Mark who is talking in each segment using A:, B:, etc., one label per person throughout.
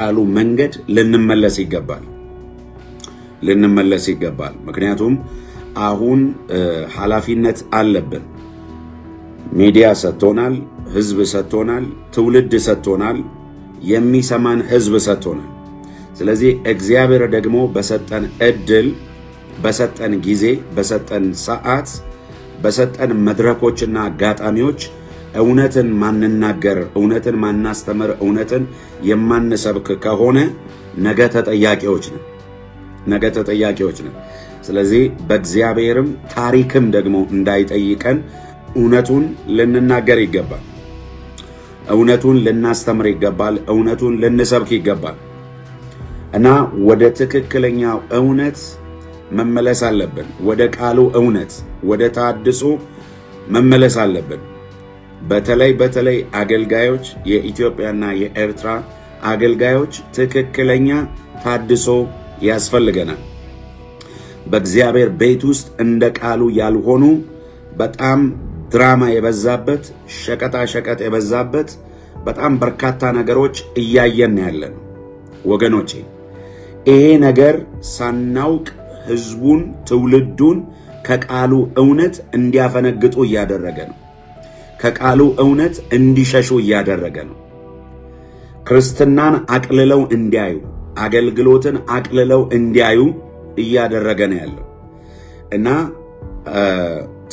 A: ቃሉ መንገድ ልንመለስ ይገባል፣ ልንመለስ ይገባል። ምክንያቱም አሁን ኃላፊነት አለብን። ሚዲያ ሰጥቶናል፣ ህዝብ ሰጥቶናል፣ ትውልድ ሰጥቶናል፣ የሚሰማን ህዝብ ሰጥቶናል። ስለዚህ እግዚአብሔር ደግሞ በሰጠን እድል፣ በሰጠን ጊዜ፣ በሰጠን ሰዓት፣ በሰጠን መድረኮችና አጋጣሚዎች እውነትን ማንናገር፣ እውነትን ማናስተምር፣ እውነትን የማንሰብክ ከሆነ ነገ ተጠያቂዎች ነን። ነገ ተጠያቂዎች ነን። ስለዚህ በእግዚአብሔርም ታሪክም ደግሞ እንዳይጠይቀን እውነቱን ልንናገር ይገባል። እውነቱን ልናስተምር ይገባል። እውነቱን ልንሰብክ ይገባል እና ወደ ትክክለኛው እውነት መመለስ አለብን። ወደ ቃሉ እውነት፣ ወደ ታድሶ መመለስ አለብን። በተለይ በተለይ አገልጋዮች የኢትዮጵያና የኤርትራ አገልጋዮች ትክክለኛ ታድሶ ያስፈልገናል። በእግዚአብሔር ቤት ውስጥ እንደ ቃሉ ያልሆኑ በጣም ድራማ የበዛበት ሸቀጣ ሸቀጥ የበዛበት በጣም በርካታ ነገሮች እያየን ያለን ወገኖቼ፣ ይሄ ነገር ሳናውቅ ህዝቡን ትውልዱን ከቃሉ እውነት እንዲያፈነግጡ እያደረገ ነው። ከቃሉ እውነት እንዲሸሹ እያደረገ ነው። ክርስትናን አቅልለው እንዲያዩ፣ አገልግሎትን አቅልለው እንዲያዩ እያደረገ ነው ያለው እና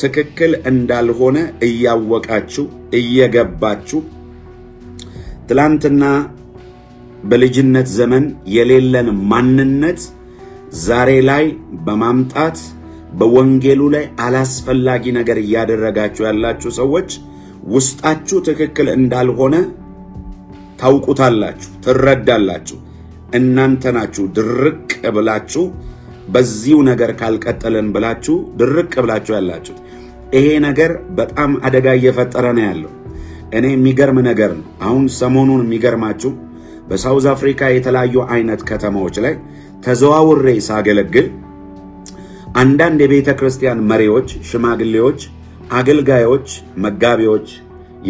A: ትክክል እንዳልሆነ እያወቃችሁ እየገባችሁ ትላንትና በልጅነት ዘመን የሌለን ማንነት ዛሬ ላይ በማምጣት በወንጌሉ ላይ አላስፈላጊ ነገር እያደረጋችሁ ያላችሁ ሰዎች ውስጣችሁ ትክክል እንዳልሆነ ታውቁታላችሁ፣ ትረዳላችሁ። እናንተ ናችሁ ድርቅ ብላችሁ በዚሁ ነገር ካልቀጠለን ብላችሁ ድርቅ ብላችሁ ያላችሁት። ይሄ ነገር በጣም አደጋ እየፈጠረ ነው ያለው። እኔ የሚገርም ነገር ነው። አሁን ሰሞኑን የሚገርማችሁ በሳውዝ አፍሪካ የተለያዩ አይነት ከተማዎች ላይ ተዘዋውሬ ሳገለግል አንዳንድ የቤተ ክርስቲያን መሪዎች፣ ሽማግሌዎች አገልጋዮች፣ መጋቢዎች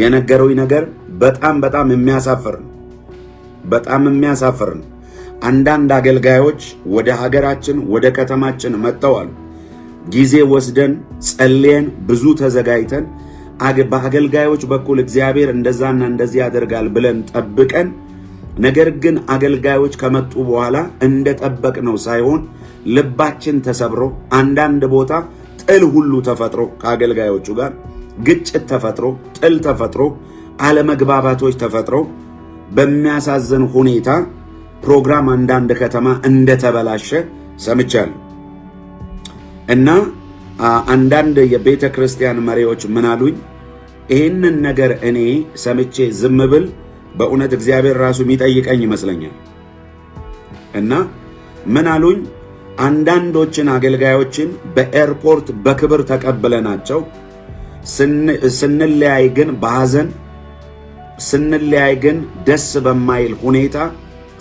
A: የነገረው ነገር በጣም በጣም የሚያሳፍር ነው። በጣም የሚያሳፍር ነው። አንዳንድ አገልጋዮች ወደ ሀገራችን ወደ ከተማችን መጥተዋል። ጊዜ ወስደን ጸልየን ብዙ ተዘጋጅተን በአገልጋዮች በኩል እግዚአብሔር እንደዛና እንደዚህ ያደርጋል ብለን ጠብቀን፣ ነገር ግን አገልጋዮች ከመጡ በኋላ እንደጠበቅነው ሳይሆን ልባችን ተሰብሮ አንዳንድ ቦታ ጥል ሁሉ ተፈጥሮ ከአገልጋዮቹ ጋር ግጭት ተፈጥሮ፣ ጥል ተፈጥሮ፣ አለመግባባቶች ተፈጥሮ በሚያሳዝን ሁኔታ ፕሮግራም አንዳንድ ከተማ እንደተበላሸ ሰምቻለሁ። እና አንዳንድ የቤተ ክርስቲያን መሪዎች ምን አሉኝ? ይህንን ነገር እኔ ሰምቼ ዝም ብል በእውነት እግዚአብሔር ራሱ የሚጠይቀኝ ይመስለኛል። እና ምን አሉኝ አንዳንዶችን አገልጋዮችን በኤርፖርት በክብር ተቀብለናቸው ስንለያይ ግን በሐዘን ስንለያይ ግን ደስ በማይል ሁኔታ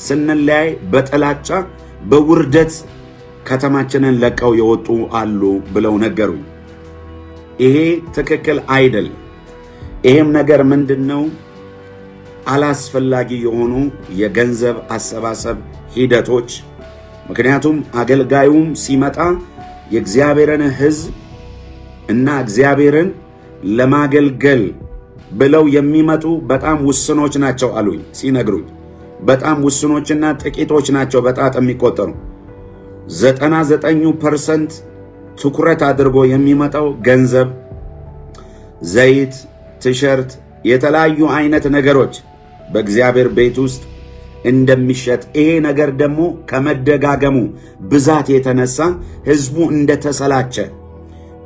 A: ስንለያይ በጥላቻ በውርደት ከተማችንን ለቀው የወጡ አሉ ብለው ነገሩ። ይሄ ትክክል አይደለም። ይሄም ነገር ምንድን ነው? አላስፈላጊ የሆኑ የገንዘብ አሰባሰብ ሂደቶች ምክንያቱም አገልጋዩም ሲመጣ የእግዚአብሔርን ሕዝብ እና እግዚአብሔርን ለማገልገል ብለው የሚመጡ በጣም ውስኖች ናቸው አሉኝ ሲነግሩኝ። በጣም ውስኖችና ጥቂቶች ናቸው በጣት የሚቆጠሩ። ዘጠና ዘጠኙ ፐርሰንት ትኩረት አድርጎ የሚመጣው ገንዘብ፣ ዘይት፣ ቲሸርት፣ የተለያዩ አይነት ነገሮች በእግዚአብሔር ቤት ውስጥ እንደሚሸጥ ይሄ ነገር ደግሞ ከመደጋገሙ ብዛት የተነሳ ህዝቡ እንደተሰላቸ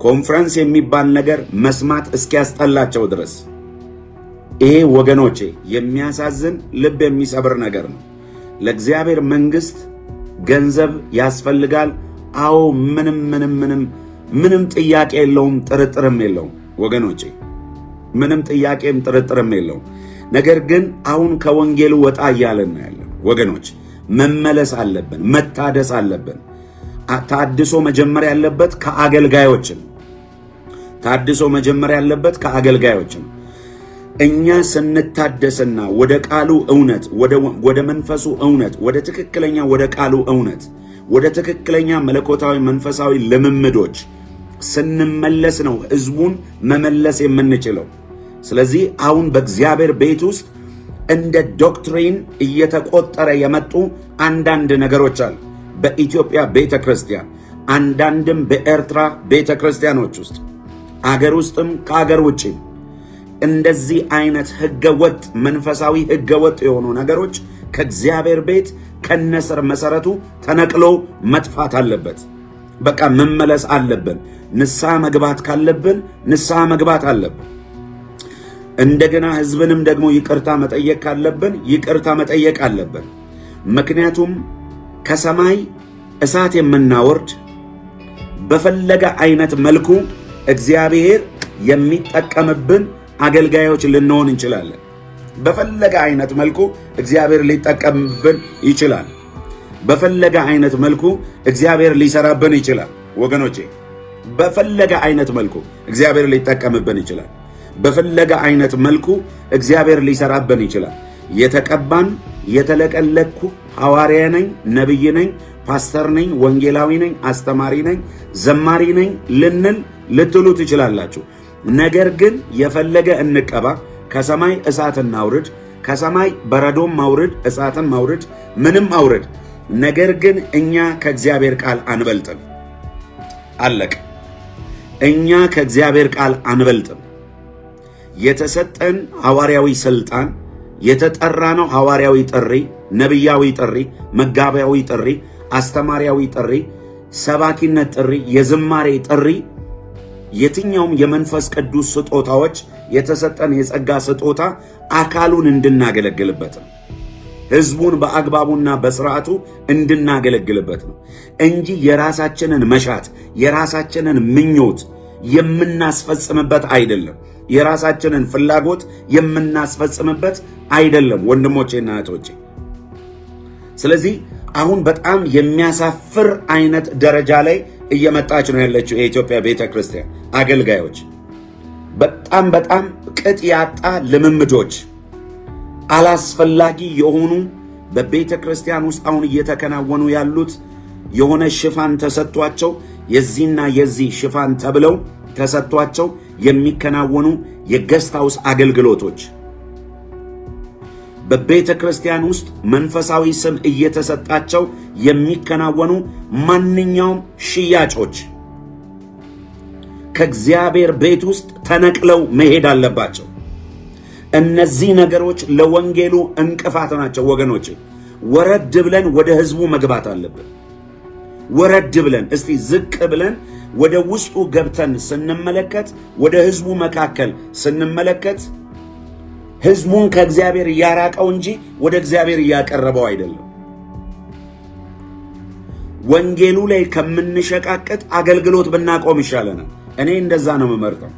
A: ኮንፈረንስ የሚባል ነገር መስማት እስኪያስጠላቸው ድረስ ይሄ ወገኖቼ የሚያሳዝን ልብ የሚሰብር ነገር ነው። ለእግዚአብሔር መንግስት ገንዘብ ያስፈልጋል። አዎ ምንም ምንም ምንም ምንም ጥያቄ የለውም፣ ጥርጥርም የለውም ወገኖቼ፣ ምንም ጥያቄም ጥርጥርም የለውም። ነገር ግን አሁን ከወንጌሉ ወጣ እያለን ያለን ወገኖች መመለስ አለብን፣ መታደስ አለብን። ታድሶ መጀመር ያለበት ከአገልጋዮች ታድሶ መጀመር ያለበት ከአገልጋዮች ነው። እኛ ስንታደስና ወደ ቃሉ እውነት፣ ወደ መንፈሱ እውነት፣ ወደ ትክክለኛ ወደ ቃሉ እውነት፣ ወደ ትክክለኛ መለኮታዊ መንፈሳዊ ልምምዶች ስንመለስ ነው ህዝቡን መመለስ የምንችለው። ስለዚህ አሁን በእግዚአብሔር ቤት ውስጥ እንደ ዶክትሪን እየተቆጠረ የመጡ አንዳንድ ነገሮች አሉ። በኢትዮጵያ ቤተ ክርስቲያን አንዳንድም በኤርትራ ቤተ ክርስቲያኖች ውስጥ አገር ውስጥም ከአገር ውጭ እንደዚህ አይነት ህገወጥ መንፈሳዊ ህገወጥ የሆኑ ነገሮች ከእግዚአብሔር ቤት ከነስር መሰረቱ ተነቅሎ መጥፋት አለበት። በቃ መመለስ አለብን። ንስሐ መግባት ካለብን ንስሐ መግባት አለብን። እንደገና ህዝብንም ደግሞ ይቅርታ መጠየቅ ካለብን ይቅርታ መጠየቅ አለብን። ምክንያቱም ከሰማይ እሳት የምናወርድ በፈለገ አይነት መልኩ እግዚአብሔር የሚጠቀምብን አገልጋዮች ልንሆን እንችላለን። በፈለገ አይነት መልኩ እግዚአብሔር ሊጠቀምብን ይችላል። በፈለገ አይነት መልኩ እግዚአብሔር ሊሰራብን ይችላል። ወገኖቼ፣ በፈለገ አይነት መልኩ እግዚአብሔር ሊጠቀምብን ይችላል። በፈለገ አይነት መልኩ እግዚአብሔር ሊሰራብን ይችላል። የተቀባን የተለቀለኩ ሐዋርያ ነኝ፣ ነቢይ ነኝ፣ ፓስተር ነኝ፣ ወንጌላዊ ነኝ፣ አስተማሪ ነኝ፣ ዘማሪ ነኝ ልንል ልትሉ ትችላላችሁ። ነገር ግን የፈለገ እንቀባ፣ ከሰማይ እሳትን አውርድ ከሰማይ በረዶም ማውርድ፣ እሳትን ማውርድ፣ ምንም አውርድ፣ ነገር ግን እኛ ከእግዚአብሔር ቃል አንበልጥም። አለቅ። እኛ ከእግዚአብሔር ቃል አንበልጥም። የተሰጠን ሐዋርያዊ ስልጣን የተጠራ ነው። ሐዋርያዊ ጥሪ፣ ነቢያዊ ጥሪ፣ መጋቢያዊ ጥሪ፣ አስተማሪያዊ ጥሪ፣ ሰባኪነት ጥሪ፣ የዝማሬ ጥሪ፣ የትኛውም የመንፈስ ቅዱስ ስጦታዎች የተሰጠን የጸጋ ስጦታ አካሉን እንድናገለግልበት ነው። ህዝቡን በአግባቡና በስርዓቱ እንድናገለግልበት ነው እንጂ የራሳችንን መሻት የራሳችንን ምኞት የምናስፈጽምበት አይደለም። የራሳችንን ፍላጎት የምናስፈጽምበት አይደለም ወንድሞቼና እህቶቼ። ስለዚህ አሁን በጣም የሚያሳፍር አይነት ደረጃ ላይ እየመጣች ነው ያለችው የኢትዮጵያ ቤተ ክርስቲያን አገልጋዮች በጣም በጣም ቅጥ ያጣ ልምምዶች፣ አላስፈላጊ የሆኑ በቤተ ክርስቲያን ውስጥ አሁን እየተከናወኑ ያሉት የሆነ ሽፋን ተሰጥቷቸው የዚህና የዚህ ሽፋን ተብለው ተሰጥቷቸው የሚከናወኑ የገስት ሃውስ አገልግሎቶች በቤተ ክርስቲያን ውስጥ መንፈሳዊ ስም እየተሰጣቸው የሚከናወኑ ማንኛውም ሽያጮች ከእግዚአብሔር ቤት ውስጥ ተነቅለው መሄድ አለባቸው። እነዚህ ነገሮች ለወንጌሉ እንቅፋት ናቸው። ወገኖች፣ ወረድ ብለን ወደ ህዝቡ መግባት አለብን። ወረድ ብለን እስቲ ዝቅ ብለን ወደ ውስጡ ገብተን ስንመለከት፣ ወደ ህዝቡ መካከል ስንመለከት ህዝቡን ከእግዚአብሔር እያራቀው እንጂ ወደ እግዚአብሔር እያቀረበው አይደለም። ወንጌሉ ላይ ከምንሸቃቅጥ አገልግሎት ብናቆም ይሻለናል። እኔ እንደዛ ነው የምመርጠው።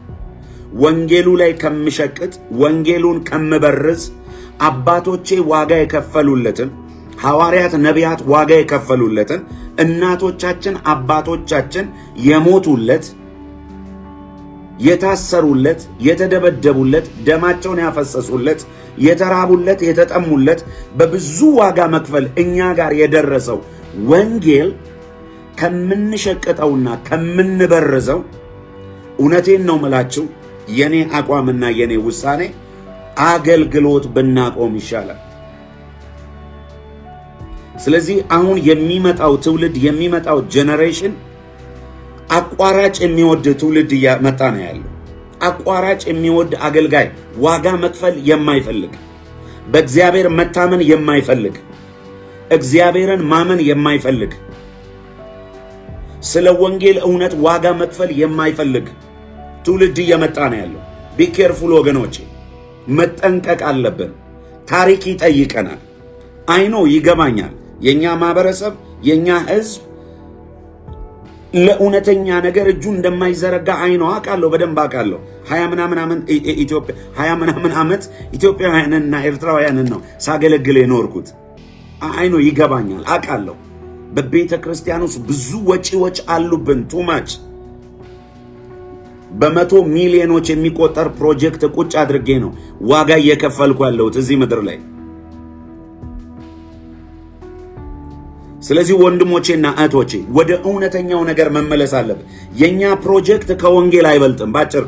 A: ወንጌሉ ላይ ከምሸቅጥ፣ ወንጌሉን ከምበርዝ፣ አባቶቼ ዋጋ የከፈሉለትን ሐዋርያት፣ ነቢያት ዋጋ የከፈሉለትን እናቶቻችን አባቶቻችን የሞቱለት የታሰሩለት የተደበደቡለት ደማቸውን ያፈሰሱለት የተራቡለት የተጠሙለት በብዙ ዋጋ መክፈል እኛ ጋር የደረሰው ወንጌል ከምንሸቅጠውና ከምንበርዘው እውነቴን ነው ምላችሁ የኔ አቋምና የኔ ውሳኔ አገልግሎት ብናቆም ይሻላል። ስለዚህ አሁን የሚመጣው ትውልድ የሚመጣው ጄኔሬሽን አቋራጭ የሚወድ ትውልድ እያመጣ ነው ያለው። አቋራጭ የሚወድ አገልጋይ፣ ዋጋ መክፈል የማይፈልግ በእግዚአብሔር መታመን የማይፈልግ እግዚአብሔርን ማመን የማይፈልግ ስለ ወንጌል እውነት ዋጋ መክፈል የማይፈልግ ትውልድ እየመጣ ነው ያለው። ቢኬርፉል ወገኖቼ፣ መጠንቀቅ አለብን። ታሪክ ይጠይቀናል። አይኖ ይገባኛል። የእኛ ማህበረሰብ የእኛ ህዝብ ለእውነተኛ ነገር እጁ እንደማይዘረጋ አይነው አውቃለሁ፣ በደንብ አውቃለሁ። ሀያ ምናምን ሀያ ምናምን ዓመት ኢትዮጵያውያንንና ኤርትራውያንን ነው ሳገለግል የኖርኩት። አይኖ ይገባኛል፣ አውቃለሁ። በቤተ ክርስቲያን ውስጥ ብዙ ወጪዎች አሉብን። ቱማች በመቶ ሚሊዮኖች የሚቆጠር ፕሮጀክት ቁጭ አድርጌ ነው ዋጋ እየከፈልኩ ያለሁት እዚህ ምድር ላይ ስለዚህ ወንድሞቼና እህቶቼ ወደ እውነተኛው ነገር መመለስ አለብን። የኛ ፕሮጀክት ከወንጌል አይበልጥም፣ ባጭር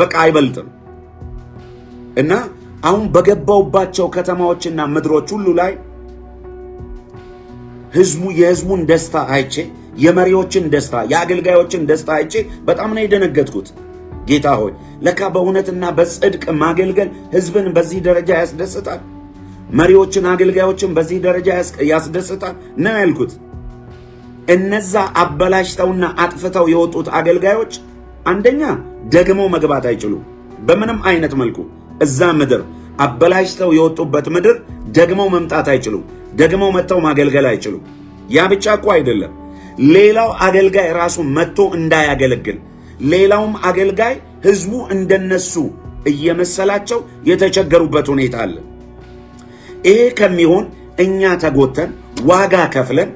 A: በቃ አይበልጥም። እና አሁን በገባውባቸው ከተማዎችና ምድሮች ሁሉ ላይ ህዝቡ የህዝቡን ደስታ አይቼ፣ የመሪዎችን ደስታ፣ የአገልጋዮችን ደስታ አይቼ በጣም ነው የደነገጥኩት። ጌታ ሆይ ለካ በእውነትና በጽድቅ ማገልገል ህዝብን በዚህ ደረጃ ያስደስታል። መሪዎችን፣ አገልጋዮችን በዚህ ደረጃ ያስደስታል ነው ያልኩት። እነዛ አበላሽተውና አጥፍተው የወጡት አገልጋዮች አንደኛ ደግሞ መግባት አይችሉ በምንም አይነት መልኩ እዛ ምድር አበላሽተው የወጡበት ምድር ደግሞ መምጣት አይችሉም። ደግሞ መጥተው ማገልገል አይችሉ ያ ብቻ እኮ አይደለም። ሌላው አገልጋይ ራሱ መጥቶ እንዳያገለግል፣ ሌላውም አገልጋይ ህዝቡ እንደነሱ እየመሰላቸው የተቸገሩበት ሁኔታ አለ። ይሄ ከሚሆን እኛ ተጎተን ዋጋ ከፍለን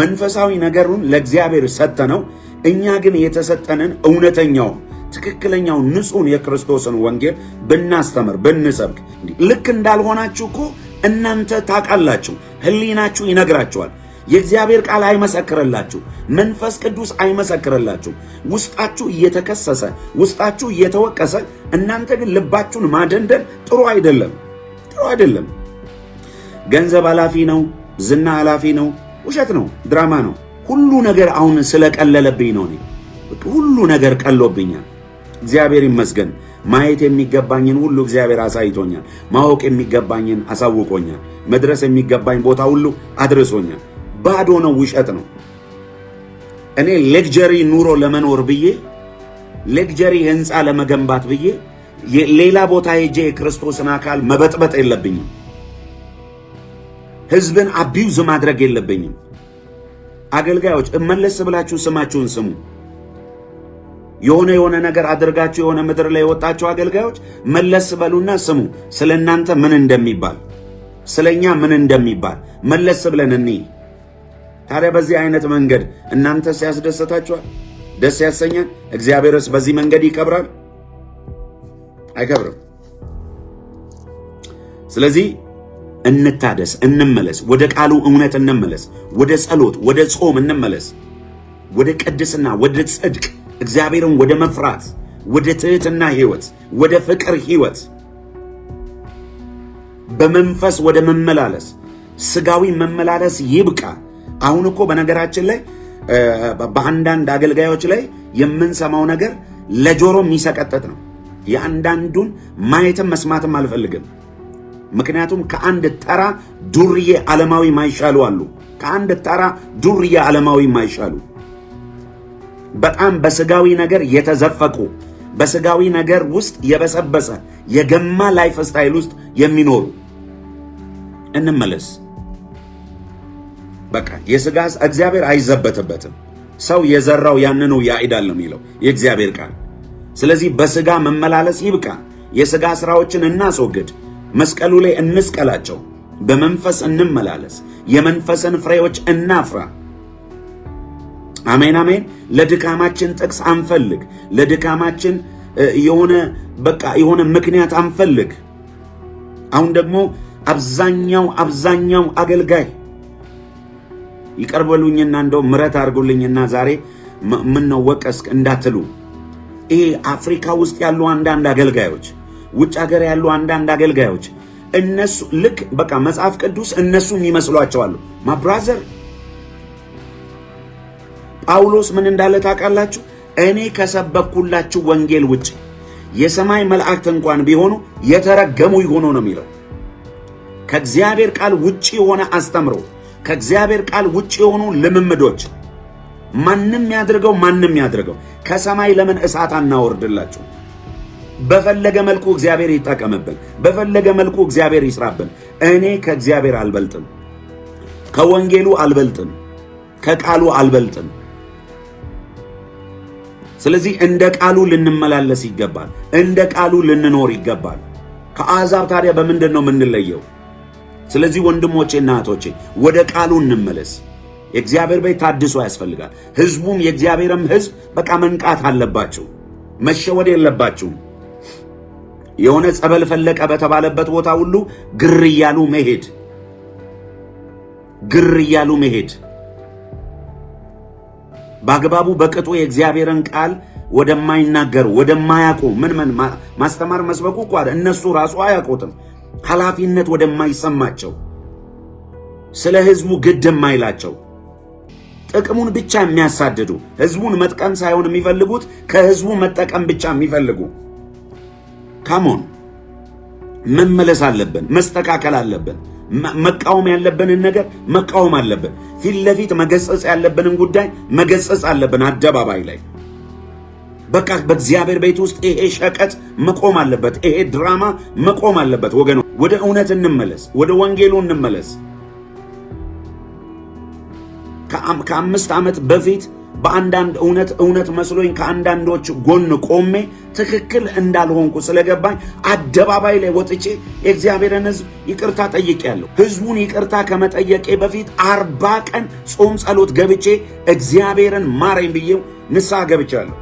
A: መንፈሳዊ ነገሩን ለእግዚአብሔር ሰጠነው። እኛ ግን የተሰጠንን እውነተኛውን ትክክለኛውን ንጹሕን የክርስቶስን ወንጌል ብናስተምር ብንሰብክ፣ ልክ እንዳልሆናችሁ እኮ እናንተ ታውቃላችሁ። ሕሊናችሁ ይነግራችኋል። የእግዚአብሔር ቃል አይመሰክርላችሁ፣ መንፈስ ቅዱስ አይመሰክርላችሁ። ውስጣችሁ እየተከሰሰ ውስጣችሁ እየተወቀሰ፣ እናንተ ግን ልባችሁን ማደንደን ጥሩ አይደለም፣ ጥሩ አይደለም። ገንዘብ ኃላፊ ነው፣ ዝና ኃላፊ ነው። ውሸት ነው፣ ድራማ ነው። ሁሉ ነገር አሁን ስለቀለለብኝ ነው። እኔ ሁሉ ነገር ቀሎብኛል። እግዚአብሔር ይመስገን። ማየት የሚገባኝን ሁሉ እግዚአብሔር አሳይቶኛል። ማወቅ የሚገባኝን አሳውቆኛል። መድረስ የሚገባኝ ቦታ ሁሉ አድርሶኛል። ባዶ ነው፣ ውሸት ነው። እኔ ሌግጀሪ ኑሮ ለመኖር ብዬ ሌግጀሪ ህንፃ ለመገንባት ብዬ ሌላ ቦታ ሄጄ የክርስቶስን አካል መበጥበጥ የለብኝም። ህዝብን አቢዩዝ ማድረግ የለብኝም። አገልጋዮች እመለስ ብላችሁ ስማችሁን ስሙ። የሆነ የሆነ ነገር አድርጋችሁ የሆነ ምድር ላይ የወጣችሁ አገልጋዮች መለስ በሉና ስሙ፣ ስለ እናንተ ምን እንደሚባል፣ ስለ እኛ ምን እንደሚባል መለስ ብለን እኒ ታዲያ በዚህ አይነት መንገድ እናንተ ሲያስደሰታችኋል፣ ደስ ያሰኛል። እግዚአብሔርስ በዚህ መንገድ ይከብራል? አይከብርም። ስለዚህ እንታደስ፣ እንመለስ፣ ወደ ቃሉ እውነት እንመለስ፣ ወደ ጸሎት፣ ወደ ጾም እንመለስ፣ ወደ ቅድስና፣ ወደ ጽድቅ፣ እግዚአብሔርን ወደ መፍራት፣ ወደ ትህትና ህይወት ወደ ፍቅር ህይወት በመንፈስ ወደ መመላለስ፣ ስጋዊ መመላለስ ይብቃ። አሁን እኮ በነገራችን ላይ በአንዳንድ አገልጋዮች ላይ የምንሰማው ነገር ለጆሮ የሚሰቀጥጥ ነው። የአንዳንዱን ማየትም መስማትም አልፈልግም። ምክንያቱም ከአንድ ተራ ዱርዬ ዓለማዊ ማይሻሉ አሉ። ከአንድ ተራ ዱርዬ ዓለማዊ ማይሻሉ በጣም በስጋዊ ነገር የተዘፈቁ በስጋዊ ነገር ውስጥ የበሰበሰ የገማ ላይፍ ስታይል ውስጥ የሚኖሩ እንመለስ። በቃ የስጋ እግዚአብሔር አይዘበትበትም። ሰው የዘራው ያንኑ ያጭዳል ነው የሚለው የእግዚአብሔር ቃል። ስለዚህ በስጋ መመላለስ ይብቃ። የስጋ ስራዎችን እናስወግድ። መስቀሉ ላይ እንስቀላቸው። በመንፈስ እንመላለስ። የመንፈስን ፍሬዎች እናፍራ። አሜን አሜን። ለድካማችን ጥቅስ አንፈልግ። ለድካማችን የሆነ በቃ የሆነ ምክንያት አንፈልግ። አሁን ደግሞ አብዛኛው አብዛኛው አገልጋይ ይቀርበሉኝና እንደው ምረት አድርጉልኝና ዛሬ ምን ነው ወቀስክ እንዳትሉ ይሄ አፍሪካ ውስጥ ያሉ አንዳንድ አገልጋዮች ውጭ ሀገር ያሉ አንዳንድ አገልጋዮች እነሱ ልክ በቃ መጽሐፍ ቅዱስ እነሱም ይመስሏቸዋሉ። ማብራዘር ጳውሎስ ምን እንዳለ ታውቃላችሁ? እኔ ከሰበኩላችሁ ወንጌል ውጭ የሰማይ መላእክት እንኳን ቢሆኑ የተረገሙ ይሆኑ ነው የሚለው። ከእግዚአብሔር ቃል ውጪ የሆነ አስተምሮ፣ ከእግዚአብሔር ቃል ውጪ የሆኑ ልምምዶች ማንም ያድርገው፣ ማንም ያድርገው ከሰማይ ለምን እሳት አናወርድላችሁ? በፈለገ መልኩ እግዚአብሔር ይጠቀምብን፣ በፈለገ መልኩ እግዚአብሔር ይስራብን። እኔ ከእግዚአብሔር አልበልጥም፣ ከወንጌሉ አልበልጥም፣ ከቃሉ አልበልጥም። ስለዚህ እንደ ቃሉ ልንመላለስ ይገባል። እንደ ቃሉ ልንኖር ይገባል። ከአሕዛብ ታዲያ በምንድን ነው የምንለየው? ስለዚህ ወንድሞቼና እህቶቼ ወደ ቃሉ እንመለስ። የእግዚአብሔር ቤት ታድሶ ያስፈልጋል። ሕዝቡም የእግዚአብሔርም ሕዝብ በቃ መንቃት አለባቸው። መሸወድ የለባቸውም። የሆነ ጸበል ፈለቀ በተባለበት ቦታ ሁሉ ግር እያሉ መሄድ ግር እያሉ መሄድ በአግባቡ በቅጡ የእግዚአብሔርን ቃል ወደማይናገሩ ወደማያውቁ ምን ምን ማስተማር መስበኩ እኮ እነሱ ራሱ አያውቁትም። ኃላፊነት ወደማይሰማቸው ስለ ህዝቡ ግድ የማይላቸው ጥቅሙን ብቻ የሚያሳድዱ ህዝቡን መጥቀም ሳይሆን የሚፈልጉት ከህዝቡ መጠቀም ብቻ የሚፈልጉ ካሞን መመለስ አለብን። መስተካከል አለብን። መቃወም ያለብንን ነገር መቃወም አለብን። ፊት ለፊት መገሰጽ ያለብንን ጉዳይ መገሰጽ አለብን። አደባባይ ላይ በቃ በእግዚአብሔር ቤት ውስጥ ይሄ ሸቀጥ መቆም አለበት። ይሄ ድራማ መቆም አለበት። ወገኖ ወደ እውነት እንመለስ። ወደ ወንጌሉ እንመለስ። ከአምስት ዓመት በፊት በአንዳንድ እውነት እውነት መስሎኝ ከአንዳንዶች ጎን ቆሜ ትክክል እንዳልሆንኩ ስለገባኝ አደባባይ ላይ ወጥቼ የእግዚአብሔርን ሕዝብ ይቅርታ ጠይቄያለሁ። ሕዝቡን ይቅርታ ከመጠየቄ በፊት አርባ ቀን ጾም ጸሎት ገብቼ እግዚአብሔርን ማረኝ ብዬው ንስሐ ገብቻለሁ።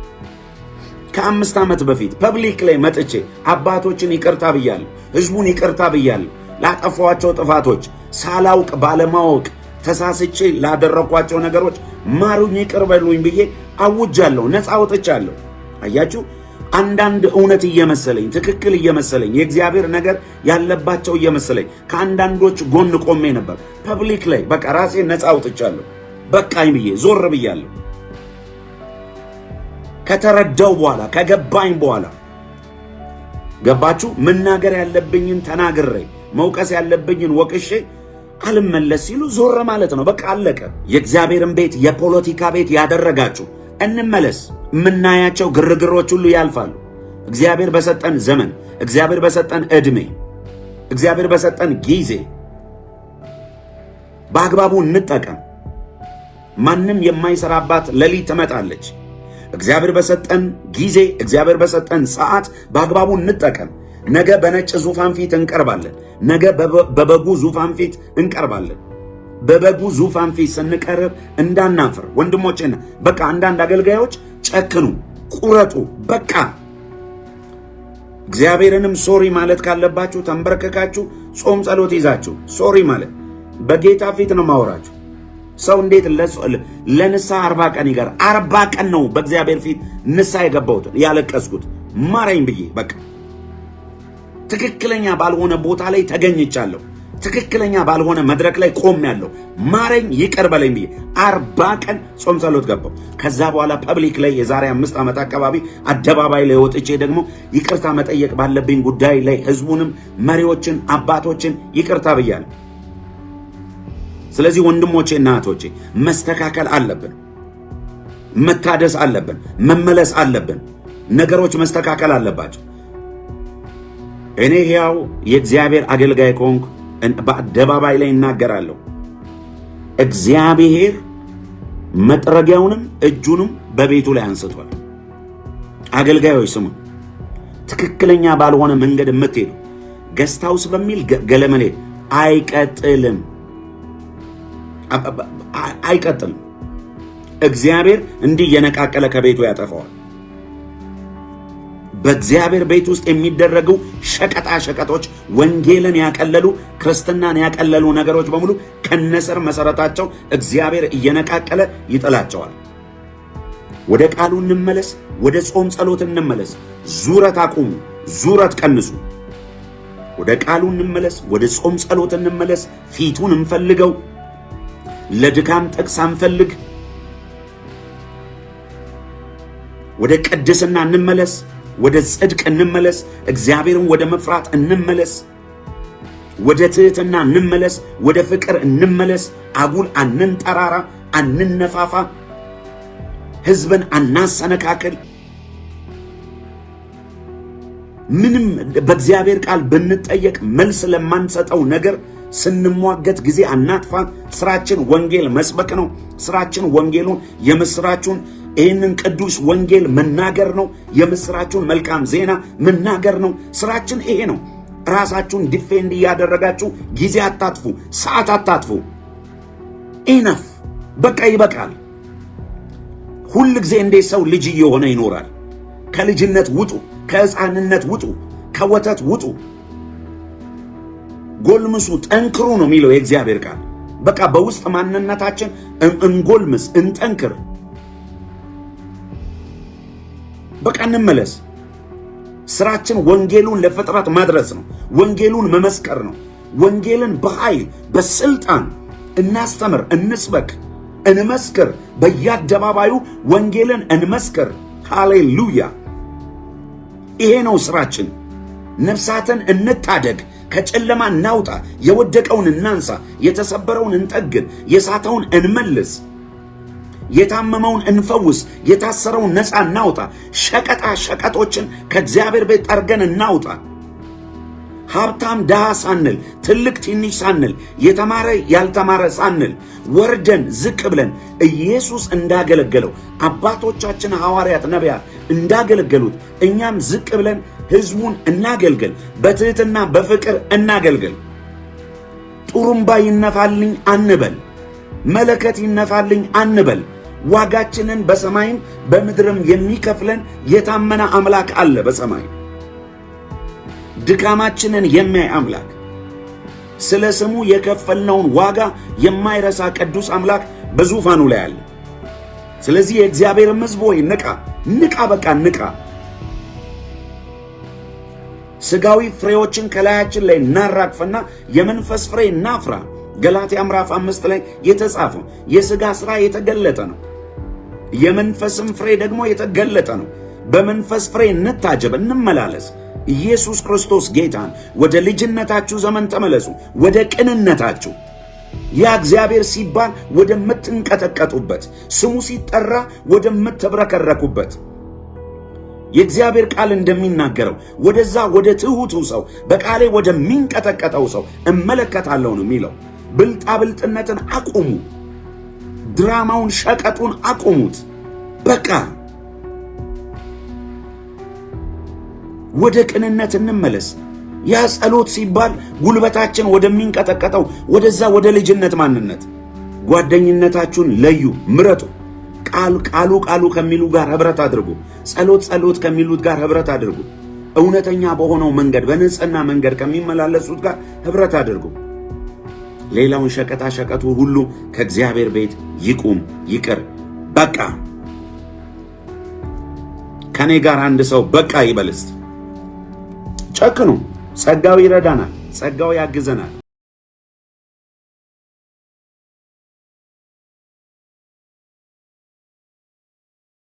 A: ከአምስት ዓመት በፊት ፐብሊክ ላይ መጥቼ አባቶችን ይቅርታ ብያለሁ። ሕዝቡን ይቅርታ ብያለሁ። ላጠፋኋቸው ጥፋቶች ሳላውቅ ባለማወቅ ተሳስቼ ላደረኳቸው ነገሮች ማሩኝ፣ ይቅር በሉኝ ብዬ አውጃለሁ፣ ነፃ ወጥቻለሁ። አያችሁ፣ አንዳንድ እውነት እየመሰለኝ ትክክል እየመሰለኝ የእግዚአብሔር ነገር ያለባቸው እየመሰለኝ ከአንዳንዶች ጎን ቆሜ ነበር። ፐብሊክ ላይ በቃ ራሴ ነፃ አውጥቻለሁ፣ በቃኝ ብዬ ዞር ብያለሁ። ከተረዳው በኋላ ከገባኝ በኋላ ገባችሁ፣ መናገር ያለብኝን ተናግሬ መውቀስ ያለብኝን ወቅሼ አልመለስ ሲሉ ዞር ማለት ነው። በቃ አለቀ። የእግዚአብሔርን ቤት የፖለቲካ ቤት ያደረጋችሁ እንመለስ። የምናያቸው ግርግሮች ሁሉ ያልፋሉ። እግዚአብሔር በሰጠን ዘመን፣ እግዚአብሔር በሰጠን ዕድሜ፣ እግዚአብሔር በሰጠን ጊዜ በአግባቡ እንጠቀም። ማንም የማይሰራባት ሌሊት ትመጣለች። እግዚአብሔር በሰጠን ጊዜ፣ እግዚአብሔር በሰጠን ሰዓት በአግባቡ እንጠቀም። ነገ በነጭ ዙፋን ፊት እንቀርባለን። ነገ በበጉ ዙፋን ፊት እንቀርባለን። በበጉ ዙፋን ፊት ስንቀርብ እንዳናፍር ወንድሞቼና፣ በቃ አንዳንድ አገልጋዮች ጨክኑ፣ ቁረጡ፣ በቃ እግዚአብሔርንም ሶሪ ማለት ካለባችሁ ተንበርከካችሁ ጾም ጸሎት ይዛችሁ ሶሪ ማለት በጌታ ፊት ነው ማወራችሁ። ሰው እንዴት ለንሳ አርባ ቀን ይገር አርባ ቀን ነው በእግዚአብሔር ፊት ንሳ የገባሁትን ያለቀስኩት ማረኝ ብዬ በቃ ትክክለኛ ባልሆነ ቦታ ላይ ተገኝቻለሁ። ትክክለኛ ባልሆነ መድረክ ላይ ቆሜያለሁ። ማረኝ፣ ይቅር በለኝ ብዬ አርባ ቀን ጾም ጸሎት ገባሁ። ከዛ በኋላ ፐብሊክ ላይ የዛሬ አምስት ዓመት አካባቢ አደባባይ ላይ ወጥቼ ደግሞ ይቅርታ መጠየቅ ባለብኝ ጉዳይ ላይ ህዝቡንም፣ መሪዎችን፣ አባቶችን ይቅርታ ብያለሁ። ስለዚህ ወንድሞቼ እና እህቶቼ መስተካከል አለብን፣ መታደስ አለብን፣ መመለስ አለብን። ነገሮች መስተካከል አለባቸው። እኔ ሕያው የእግዚአብሔር አገልጋይ ከሆንኩ በአደባባይ ላይ እናገራለሁ። እግዚአብሔር መጥረጊያውንም እጁንም በቤቱ ላይ አንስቷል። አገልጋዮች ስሙ። ትክክለኛ ባልሆነ መንገድ የምትሄዱ ገስት ሃውስ በሚል ገለመሌ አይቀጥልም፣ አይቀጥልም። እግዚአብሔር እንዲህ የነቃቀለ ከቤቱ ያጠፋዋል። በእግዚአብሔር ቤት ውስጥ የሚደረጉ ሸቀጣ ሸቀጦች ወንጌልን ያቀለሉ ክርስትናን ያቀለሉ ነገሮች በሙሉ ከነስር መሰረታቸው እግዚአብሔር እየነቃቀለ ይጥላቸዋል። ወደ ቃሉ እንመለስ። ወደ ጾም ጸሎት እንመለስ። ዙረት አቁሙ፣ ዙረት ቀንሱ። ወደ ቃሉ እንመለስ። ወደ ጾም ጸሎት እንመለስ። ፊቱን እንፈልገው። ለድካም ጥቅስ አንፈልግ። ወደ ቅድስና እንመለስ። ወደ ጽድቅ እንመለስ። እግዚአብሔርን ወደ መፍራት እንመለስ። ወደ ትህትና እንመለስ። ወደ ፍቅር እንመለስ። አጉል አንንጠራራ፣ አንነፋፋ፣ ህዝብን አናሰነካክል። ምንም በእግዚአብሔር ቃል ብንጠየቅ መልስ ለማንሰጠው ነገር ስንሟገት ጊዜ አናጥፋ። ስራችን ወንጌል መስበክ ነው። ስራችን ወንጌሉን የምስራቹን ይህንን ቅዱስ ወንጌል መናገር ነው። የምስራችሁን መልካም ዜና መናገር ነው። ስራችን ይሄ ነው። ራሳችሁን ዲፌንድ እያደረጋችሁ ጊዜ አታጥፉ፣ ሰዓት አታጥፉ። ኢነፍ በቃ ይበቃል። ሁል ጊዜ እንዴ ሰው ልጅ እየሆነ ይኖራል? ከልጅነት ውጡ፣ ከህፃንነት ውጡ፣ ከወተት ውጡ። ጎልምሱ፣ ጠንክሩ ነው የሚለው የእግዚአብሔር ቃል። በቃ በውስጥ ማንነታችን እንጎልምስ፣ እንጠንክር። በቃ እንመለስ። ስራችን ወንጌሉን ለፍጥረት ማድረስ ነው። ወንጌሉን መመስከር ነው። ወንጌልን በኃይል በስልጣን እናስተምር፣ እንስበክ፣ እንመስክር። በየአደባባዩ ወንጌልን እንመስክር። ሃሌሉያ! ይሄ ነው ስራችን። ነፍሳትን እንታደግ፣ ከጨለማ እናውጣ፣ የወደቀውን እናንሳ፣ የተሰበረውን እንጠግን፣ የሳተውን እንመልስ። የታመመውን እንፈውስ፣ የታሰረውን ነፃ እናውጣ፣ ሸቀጣ ሸቀጦችን ከእግዚአብሔር ቤት ጠርገን እናውጣ። ሀብታም ድሃ ሳንል፣ ትልቅ ትንሽ ሳንል፣ የተማረ ያልተማረ ሳንል ወርደን ዝቅ ብለን ኢየሱስ እንዳገለገለው አባቶቻችን ሐዋርያት፣ ነቢያት እንዳገለገሉት እኛም ዝቅ ብለን ሕዝቡን እናገልግል። በትሕትና በፍቅር እናገልግል። ጡሩምባ ይነፋልኝ አንበል። መለከት ይነፋልኝ አንበል። ዋጋችንን በሰማይም በምድርም የሚከፍለን የታመነ አምላክ አለ። በሰማይ ድካማችንን የሚያይ አምላክ፣ ስለ ስሙ የከፈልነውን ዋጋ የማይረሳ ቅዱስ አምላክ በዙፋኑ ላይ አለ። ስለዚህ የእግዚአብሔርም ሕዝብ ሆይ ንቃ፣ ንቃ፣ በቃ ንቃ። ስጋዊ ፍሬዎችን ከላያችን ላይ እናራግፍና የመንፈስ ፍሬ እናፍራ። ገላትያ ምዕራፍ አምስት ላይ የተጻፈው የስጋ ሥራ የተገለጠ ነው። የመንፈስም ፍሬ ደግሞ የተገለጠ ነው። በመንፈስ ፍሬ እንታጀብ፣ እንመላለስ። ኢየሱስ ክርስቶስ ጌታን ወደ ልጅነታችሁ ዘመን ተመለሱ፣ ወደ ቅንነታችሁ ያ እግዚአብሔር ሲባል ወደምትንቀጠቀጡበት፣ ስሙ ሲጠራ ወደምትብረከረኩበት የእግዚአብሔር ቃል እንደሚናገረው ወደዛ ወደ ትሑቱ ሰው በቃሌ ወደሚንቀጠቀጠው ሰው እመለከታለሁ ነው የሚለው። ብልጣብልጥነትን አቁሙ። ድራማውን፣ ሸቀጡን አቁሙት። በቃ ወደ ቅንነት እንመለስ። ያ ጸሎት ሲባል ጉልበታችን ወደሚንቀጠቀጠው ወደዛ ወደ ልጅነት ማንነት ጓደኝነታችሁን ለዩ፣ ምረጡ። ቃል ቃሉ ቃሉ ከሚሉ ጋር ህብረት አድርጉ። ጸሎት ጸሎት ከሚሉት ጋር ህብረት አድርጉ። እውነተኛ በሆነው መንገድ በንጽህና መንገድ ከሚመላለሱት ጋር ህብረት አድርጉ። ሌላውን ሸቀጣ ሸቀጡ ሁሉ ከእግዚአብሔር ቤት ይቁም ይቅር። በቃ ከኔ ጋር አንድ ሰው በቃ ይበልስ። ጨክኑ። ጸጋው ይረዳናል፣ ጸጋው ያግዘናል።